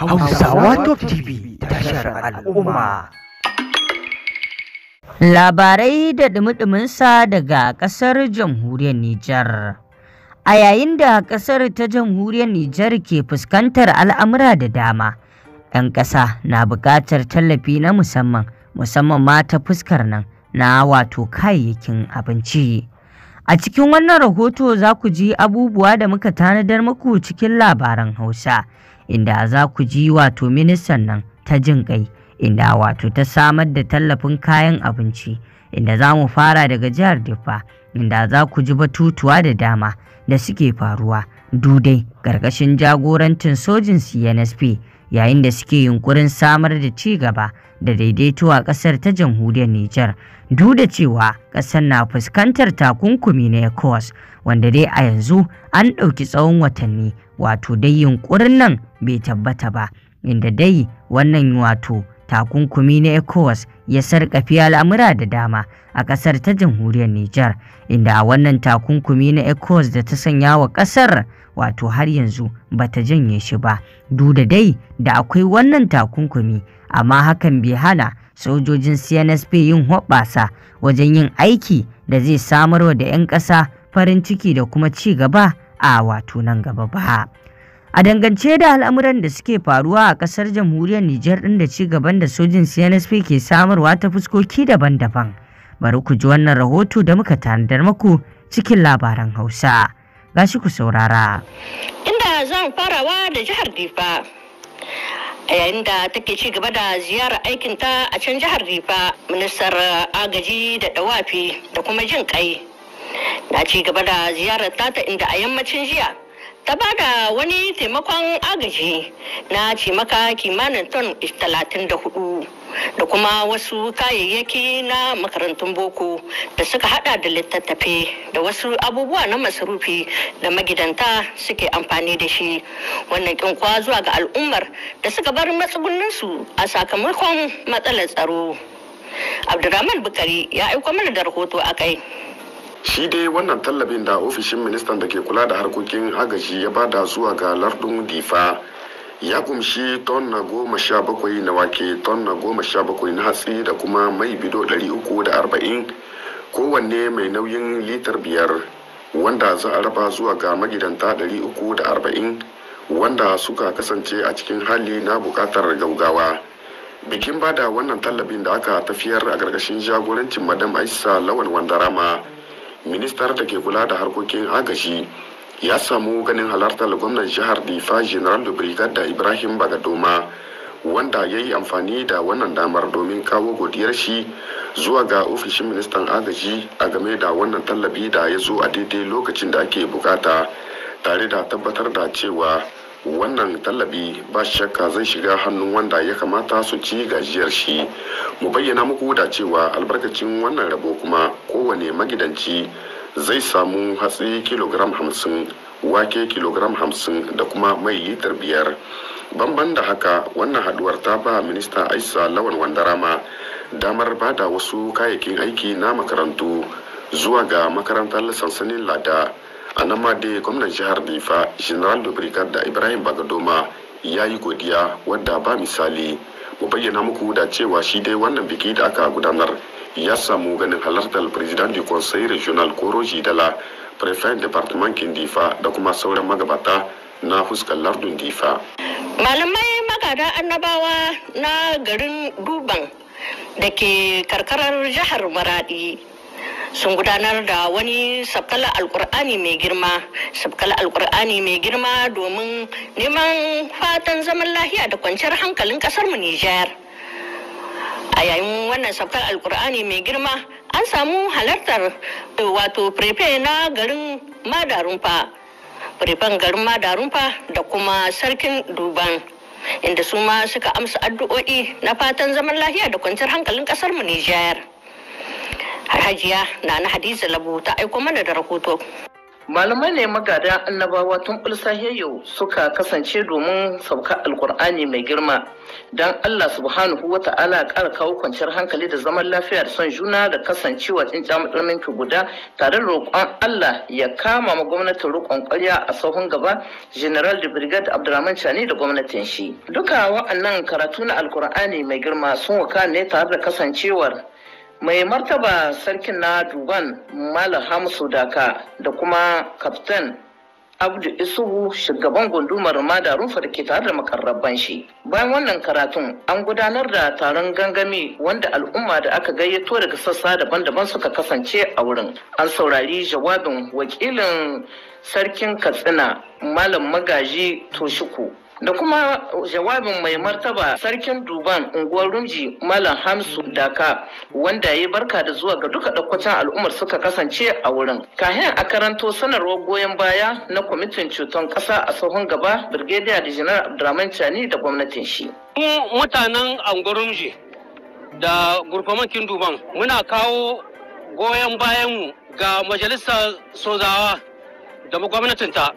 Hausawa Top TV tashar al'umma. Labarai da ɗumi sa daga ƙasar jamhuriyar Nijar. A yayin da ƙasar ta jamhuriyar Nijar ke fuskantar al'amura da dama, ‘yan ƙasa na buƙatar tallafi na musamman, musamman ma ta fuskar nan na wato kayayyakin abinci. A cikin wannan rahoto za ku ji abubuwa da muka tanadar muku cikin labaran Hausa. inda za ku ji wato ministan nan ta jin kai inda wato ta samar da tallafin kayan abinci inda za mu fara daga jihar Diffa inda za ku ji batutuwa da dama da suke faruwa dudai ƙarƙashin jagorancin sojin CNSP yayin da suke yunkurin samar da ci gaba da daidaito a ƙasar ta jamhuriyar Nijar duk da cewa ƙasar na fuskantar takunkumi na ECOWAS wanda dai a yanzu an ɗauki tsawon watanni wato dai yunkurin nan bai tabbata ba inda dai wannan wato takunkumi na ECOWAS ya sarƙafi al'amura da dama a ƙasar ta jamhuriyar Nijar, inda a wannan takunkumi na ECOWAS da ta sanya wa ƙasar wato har yanzu ba ta janye shi ba. Duda dai da akwai wannan takunkumi, amma hakan bai hana sojojin CNSP yin hoɓɓasa wajen yin aiki da zai samarwa da 'yan ƙasa farin ciki da kuma ci gaba a wato nan gaba ba. A dangance da al'amuran da suke faruwa a ƙasar jamhuriyar Nijar ɗin da ci gaban da sojin CNSP ke samarwa ta fuskoki daban-daban. Bari ku ji wannan rahoto da muka tanadar maku cikin labaran Hausa. Gashi ku saurara. Inda zan farawa da jihar Rifa, a yayin da take ci gaba da ziyarar aikinta a can jihar Rifa ministar agaji da dawafi da kuma jin kai na ci gaba da ziyarar tata inda a yammacin jiya ta ba da wani taimakon agaji na cimaka kimanin ton 34 da kuma wasu kayayyaki na makarantun boko da suka hada da littattafai da wasu abubuwa na masarufi da magidanta suke amfani da shi wannan kinkwa zuwa ga al'ummar da suka bar matsugunninsu a sakamakon matsalar tsaro abdurrahman bukari ya aiko mana da rahoto a kai shi dai wannan tallabin da ofishin ministan da ke kula da harkokin agaji ya bada zuwa ga lardun difa ya kumshi tonna goma sha bakwai na wake tonna goma sha bakwai na hatsi da kuma mai bido ɗari uku da arba'in kowanne mai nauyin litar biyar wanda za a raba zuwa ga magidanta ɗari uku da arba'in wanda suka kasance a cikin hali na buƙatar gaugawa bikin bada wannan tallabin da aka tafiyar a ƙarƙashin jagorancin madam aisa lawan wandarama ministar da ke kula da harkokin agaji ya samu ganin halartar gwamnan jihar difa general da brigada ibrahim bagadoma wanda ya yi amfani da wannan damar domin kawo godiyar shi zuwa ga ofishin ministan agaji a game da wannan tallafi da ya zo a daidai lokacin da ake bukata tare da tabbatar da cewa wannan tallafi ba shakka zai shiga hannun wanda ya kamata su ci gajiyar shi mu bayyana muku da cewa albarkacin wannan rabo kuma kowane magidanci zai samu hatsi kilogram hamsin wake kilogram hamsin da kuma mai litar biyar banban da haka wannan haduwar ta ba minista aisa lawan wandarama damar ba da wasu kayayyakin aiki na makarantu zuwa ga makarantar sansanin lada a nan ma dai gwamnan jihar difa general da ibrahim bagadoma ya yi godiya wadda ba misali mu bayyana muku da cewa shi dai wannan biki da aka gudanar ya samu ganin halartar president du conseil regional koro dala prefet department difa da kuma sauran magabata na fuskar lardun difa malamai magada annabawa na garin duban da ke karkarar jihar maradi sun gudanar da wani sabkala alkur'ani mai girma sabkala alkur'ani mai girma domin neman fatan zaman lahiya da kwanciyar hankalin kasarmu nijar a yayin wannan sabkar alkur'ani mai girma an samu halartar wato prefe na garin madarunfa prefen garin madarunfa da kuma sarkin duban inda su ma suka amsa addu'o'i na fatan zaman lahiya da kwanciyar hankalin kasar mu Nijar. hajiya na na hadiza labu ta aiko mana da rahoto malamai ne magada annabawa tun yau suka kasance domin sauka alkur'ani mai girma don allah subhanahu wa ta'ala ƙara kawo kwanciyar hankali da zaman lafiya da son juna da kasancewa tsinca matsalolin guda tare da roƙon allah ya kama ma gwamnatin roƙon ƙwarya a sahun gaba general da brigade abdulrahman chani da gwamnatin shi duka wa'annan karatu na alkur'ani mai girma sun wakana ne tare da kasancewar mai martaba sarkin na duban malam hamsu daka da kuma kaftan abdu isuhu shugaban gundumar da ke tare da makarraban shi bayan wannan karatun an gudanar da taron gangami wanda al'umma da aka gayyato daga sassa daban-daban suka kasance a wurin an saurari jawabin wakilin sarkin katsina malam magaji toshiku da kuma jawabin mai martaba sarkin duban unguwar rumji malam hamsu daka wanda ya barka da zuwa ga duka dakwacin al'ummar suka kasance a wurin kahin a karanto sanarwar goyon baya na kwamitin ceton ƙasa a tsohon gaba birgediya da janar abdulrahman chani da gwamnatin shi mutanen unguwar rumji da gurfamakin duban muna kawo goyon bayanmu ga majalisar sozawa da gwamnatinta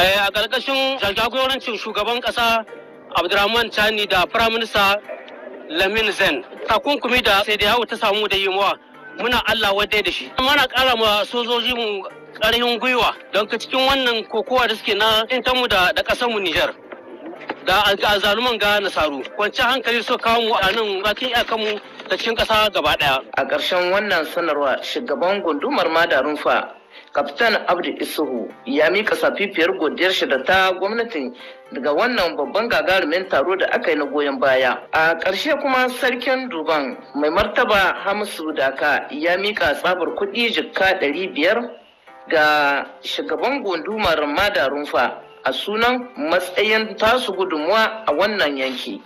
Eh, a ƙarƙashin jagorancin shugaban ƙasa abdurrahman chani da firaminista lamin zen takunkumi da sai da ta samu da yi muna allah wadai da shi mana ƙara ma sojoji mu ƙarfin gwiwa don ka cikin wannan kokowa da suke na intanmu da da mu nijar da azaluman ga nasaru kwanci hankali so kawo mu a nan bakin iyakanmu da cikin ƙasa gaba ɗaya a ƙarshen wannan sanarwa shugaban gundumar madarunfa kaftan abdu isuhu ya mika safifiyar godiyar shi da ta gwamnatin daga wannan babban gagarumin taro da aka yi na goyon baya a ƙarshe kuma sarkin duban mai martaba hamisu daka ya mika tsabar kuɗi jikka ɗari biyar ga shugaban gundumar madarunfa a sunan matsayin tasu gudunmuwa a wannan yanki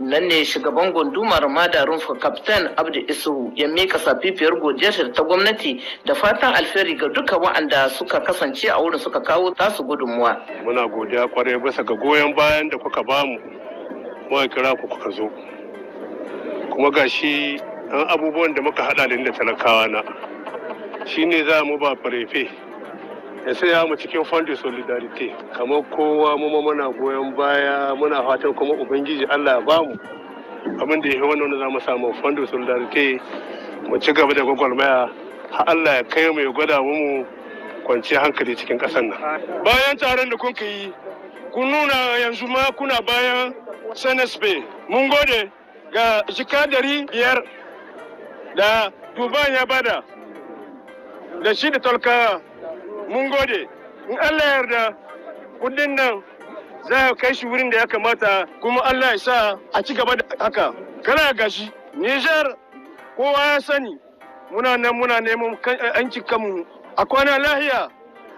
nan ne shugaban gundumar rumfa, kaftan abdu isu ya mika safifiyar godiyar ta gwamnati da fatan alfahari ga duka wa'anda suka kasance a wurin suka kawo tasu gudunmuwa muna godiya kwarai bisa ga goyon bayan da kuka bamu muka kira ku kuka zo kuma gashi an abubuwan da muka hada da talakawa na shine za mu ba farefe ya saya mu cikin fondi solidarity kamar kowa mu muna goyon baya muna fatan kuma ubangiji allah ya bamu abin da ya wannan za mu samu fondi solidarity mu ci gaba da gwagwarmaya har allah ya kai mu ya gwada mu kwanci hankali cikin ƙasar nan bayan taron da kun yi kun nuna yanzu ma kuna bayan sanesbe mun gode ga dari biyar da duban ya bada da shi da talkawa mun gode in allah yarda kudin nan za a kai shi wurin da ya kamata kuma allah ya sa a ci gaba da haka kana gashi Niger kowa ya sani muna nan muna neman eh, yanci kanmu a kwana lahiya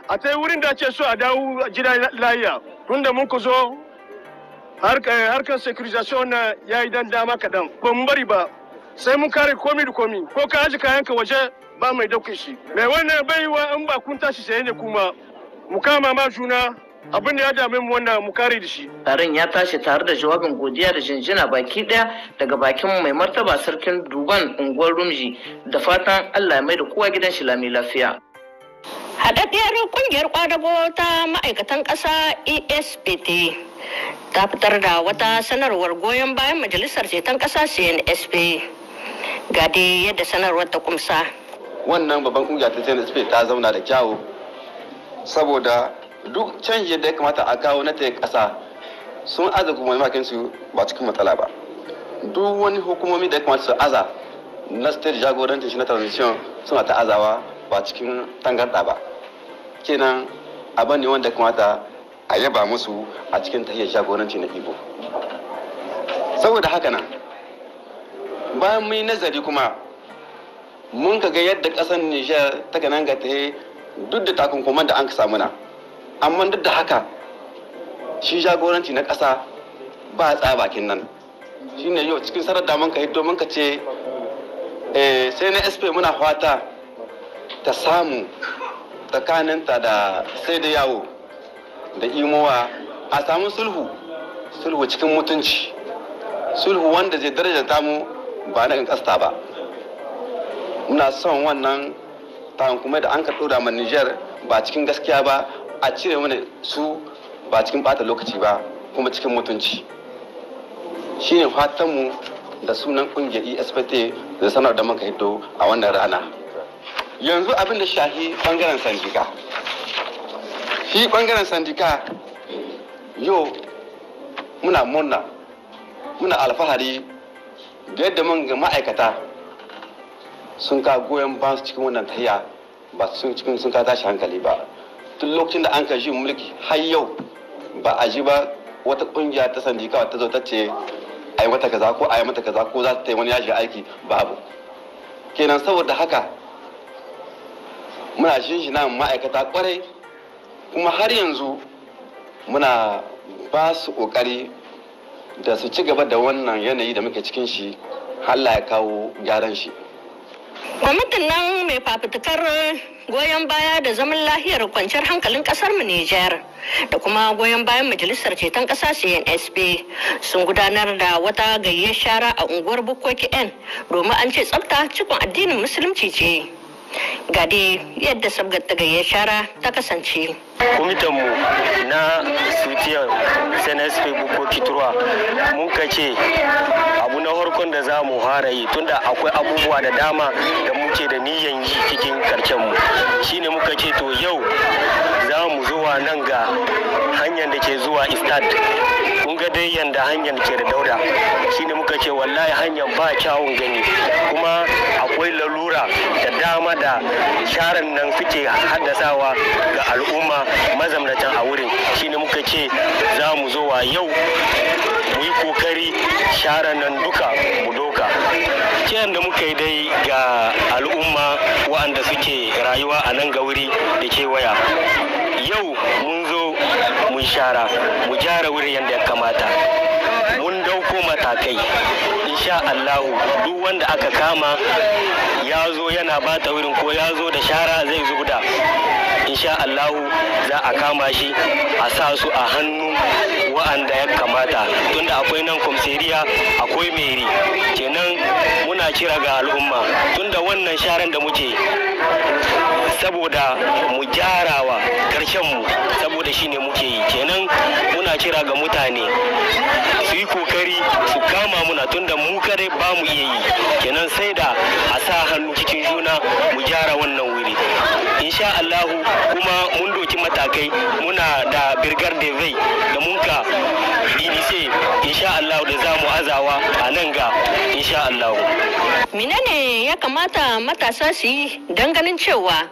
a ta wurin da ake so a dawo gida lahiya tunda mun ku zo eh, harkar securitization na ya yi dan dama kaɗan ba bari ba sai mun kare komi da komi ko ka aji kayanka waje ba mai dauke shi mai wannan baiwa in ba kun tashi saye ne kuma mu kama ma juna abin da ya dame mu wannan mu kare da shi taron ya tashi tare da jawabin godiya da jinjina baki daya daga bakin mai martaba sarkin duban unguwar rumji da fatan allah ya mai da kowa gidan shi lami lafiya haɗaɗɗiyar ƙungiyar ƙwadago ta ma'aikatan ƙasa espt ta fitar da wata sanarwar goyon bayan majalisar ceton ƙasa cnsp ga dai yadda sanarwar ta kumsa wannan babban kungiya ta CNSP ta zauna da kyawu saboda duk canji da ya kamata a kawo na ta kasa sun aza makin su ba cikin matsala ba duk wani hukumomi da ya kamata su aza na state jagorancin shi na transition suna ta azawa ba cikin tangarɗa ba kenan abin ne wanda kamata a yaba musu a cikin tahiyar jagoranci na ibo saboda haka nan bayan mun nazari kuma mun ga yadda kasar Nijar ta nan ga ta duk da takunkuman da an ka samu na amma duk da haka shi jagoranci na kasa ba a tsaya bakin nan shi ne yau cikin sarar da ka hito mun ka ce eh, sai na sp muna fata ta samu tsakaninta da sai da yawo da imowa a samu sulhu sulhu cikin mutunci sulhu wanda zai darajanta mu ba na ƙasta ba muna son wannan tankumai da an ka ɗora ma Nijar ba cikin gaskiya ba a cire mana su ba cikin bata lokaci ba kuma cikin mutunci fatan fatanmu da sunan ƙungiyar ESPT da sanar da muka hito a wannan rana yanzu abin da shahi bangaren sandika shi bangaren sandika yau muna murna muna alfahari da yadda mun ga ma'aikata sun ka goyon ba su cikin wannan tahiya ba su cikin sun ka tashi hankali ba tun lokacin da an ka ji mulki har yau ba a ji ba wata kungiya ta sandika ta zo ta ce ai mata kaza ko a yi mata kaza ko za ta yi wani yashi aiki babu kenan saboda haka muna shin ma'aikata kwarai kuma har yanzu muna ba su kokari da su ci gaba da wannan yanayi da muke cikin shi Allah ya kawo gyaran shi Kwamitin nan mai fafutukar goyon baya da zaman lahiyar kwanciyar hankalin kasar mu Nijar da kuma goyon bayan majalisar ceton kasa CNSB sun gudanar da wata gayyar shara a unguwar bukoki N domin an ce tsafta cikin addinin musulunci ce. ga dai yadda sabgar ta gayyar shara ta kasance kwamitanmu na sutiyar cns facebook ko muka ce abu na farkon da za mu fara yi tunda akwai abubuwa da dama da muke da niyan yi cikin mu shine muka ce to yau za mu zuwa nan ga hanyar da ke zuwa istad kun ga dai yanda hanyar ke da dauda shine muka ce wallahi hanyar ba kyawun gani kuma akwai lalura da dama da sharan nan suke haddasawa ga al'umma mazamnatan a wurin shine muka ce za mu zo wa yau mu yi kokari sharan nan duka mu doka ce yadda muka yi dai ga al'umma wa'anda suke rayuwa a nan ga wuri da kewaya yau mun yi shara mu gyara wurin yadda ya kamata mun dauko matakai insha Allahu duk wanda aka kama ya zo yana bata wurin ko ya zo da shara zai zubda insha Allahu za a kama shi a sa su a hannu wa'anda ya kamata tunda akwai nan komseriya akwai meri kenan muna kira ga al'umma tunda wannan sharan da muke saboda mu gyarawa karshen mu saboda shine muke yi kenan muna kira ga mutane su yi kokari su kama muna tunda mu kare ba mu iya yi kenan sai da a sa hannu cikin juna mu gyara wannan wuri insha Allahu kuma mun doki matakai muna da birgar da mun ka DDC insha Allah da za mu azawa a nan ga insha Allah. Menene ya kamata matasa su yi don ganin cewa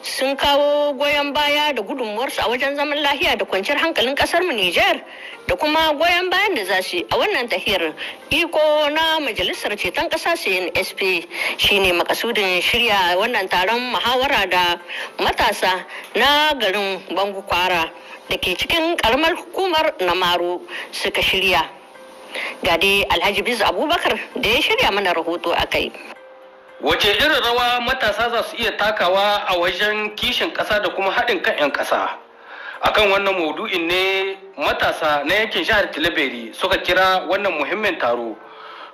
sun kawo goyon baya da gudunmuwarsu a wajen zaman lahiya da kwanciyar hankalin kasar mu Nijar da kuma goyon bayan da za su a wannan tahiyar iko na majalisar ceton ƙasa CNSP shine makasudin shirya wannan taron muhawara da matasa na garin Bangu Kwara da ke cikin karamar hukumar Namaru suka shirya. ga dai alhaji bisu abubakar da ya shirya mana rahoto a kai wace irin rawa matasa za su iya takawa a wajen kishin ƙasa da kuma haɗin kan 'yan ƙasa akan wannan maudu'in ne matasa na yankin jihar tilaberi suka kira wannan muhimmin taro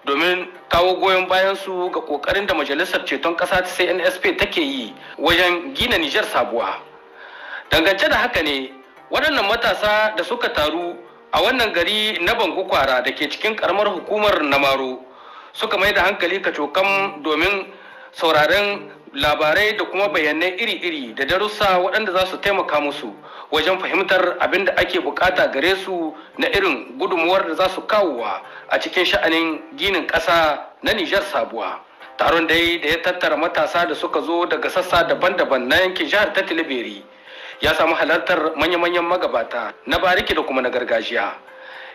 domin kawo goyon bayan su ga kokarin da majalisar ceton ƙasa ta cnsp take yi wajen gina nijar sabuwa dangance da haka ne waɗannan matasa da suka taru a wannan gari na bangu kwara da ke cikin karamar hukumar namaro suka mai da hankali kacokan domin sauraren labarai da kuma bayanai iri-iri da darussa waɗanda za su taimaka musu wajen fahimtar abin da ake bukata gare su na irin gudunmuwar da za su kawowa a cikin sha'anin ginin ƙasa na nijar sabuwa taron dai da ya tattara matasa da suka zo daga sassa daban-daban na yankin jihar ta tilibiri ya samu halartar manya-manyan magabata na bariki da kuma na gargajiya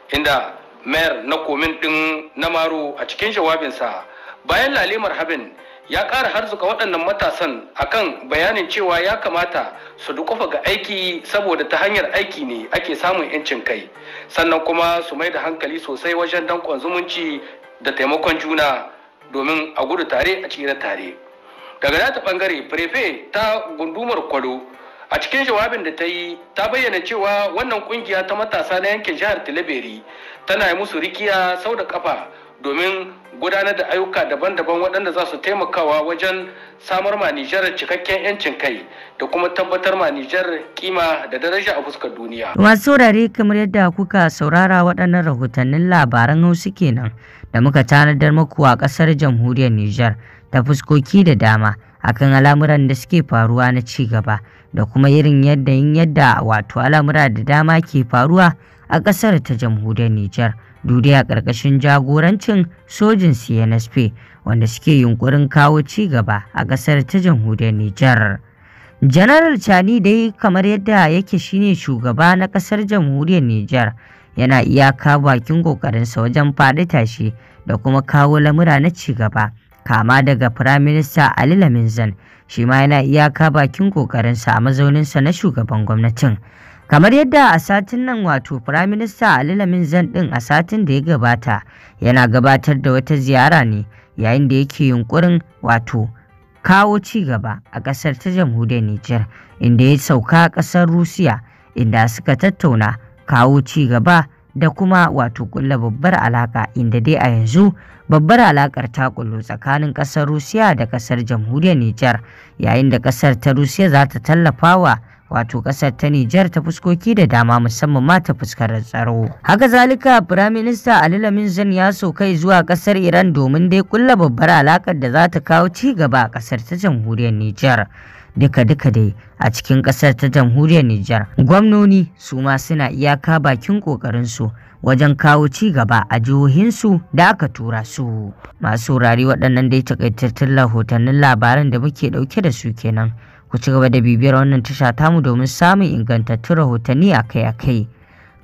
inda mayar na komin ɗin na maro a cikin jawabinsa bayan lalimar habin ya ƙara harzuka waɗannan matasan a kan bayanin cewa ya kamata su dukufa ga aiki saboda ta hanyar aiki ne ake samun 'yancin kai sannan kuma su mai da hankali sosai wajen dankon zumunci da taimakon juna domin a gudu tare a cire tare daga ta ɓangare, prefe ta gundumar kwado a cikin jawabin da ta yi ta bayyana cewa wannan kungiya ta matasa na yankin jihar tilaberi tana yi musu rikiya sau da kafa domin gudanar da ayyuka daban-daban waɗanda za su taimakawa wajen samar ma Nijar cikakken 'yancin kai da kuma tabbatar ma Nijar kima da daraja a fuskar duniya. Masu saurare kamar yadda kuka saurara waɗannan rahotannin labaran Hausa kenan da muka tanadar muku a ƙasar jamhuriyar Nijar ta fuskoki da dama akan al'amuran da suke faruwa na ci gaba. da kuma irin yadda yin yadda wato al'amura da dama ke faruwa a ƙasar ta jamhuriyar Nijar dudai a ƙarƙashin jagorancin sojin CNSP wanda suke yunƙurin kawo ci gaba a ƙasar ta jamhuriyar Nijar. Janaral Chani dai kamar yadda yake shine shugaba na ƙasar jamhuriyar Nijar yana iyaka bakin ƙoƙarinsa wajen faɗi tashi da kuma kawo lamura na ci gaba kama daga Firaminista Ali Laminzan shi ma yana iyaka bakin kokarinsa a mazauninsa na shugaban gwamnatin. kamar yadda a satin nan wato firaminista ali lamin zan din a satin da ya gabata yana gabatar da wata ziyara ne yayin da yake yunkurin wato kawo ci gaba a ƙasar ta jamhuriyar niger inda ya sauka ƙasar rusiya inda suka tattauna kawo ci gaba da kuma wato kulla babbar alaka inda dai a yanzu babbar alakar ta kullu tsakanin kasar Rusiya da kasar jamhuriyar Nijar yayin da kasar ta Rusiya za ta tallafa wa wato kasar ta Nijar ta fuskoki da dama musamman ma ta fuskar tsaro. Haka zalika Firaminista Ali Lamin Zan ya so kai zuwa kasar Iran domin dai kulla babbar alakar da za ta kawo ci gaba a kasar ta jamhuriyar Nijar. duka-duka dai a cikin ƙasar ta jamhuriyar Nijar. Gwamnoni su ma suna iyaka bakin ƙoƙarinsu wajen kawo ci gaba a jihohinsu da aka tura su. Masu wurare waɗannan dai takaitattun rahotannin labaran da muke ɗauke da su kenan. Ku ci gaba da bibiyar wannan tasha tamu domin samun ingantattun rahotanni akai-akai.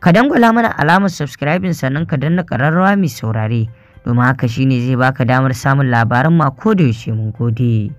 Ka dangwala mana alamar subscribing sannan ka danna ƙararrawa mai saurare. domin haka shine zai baka damar samun labaran ma ko da yaushe mun gode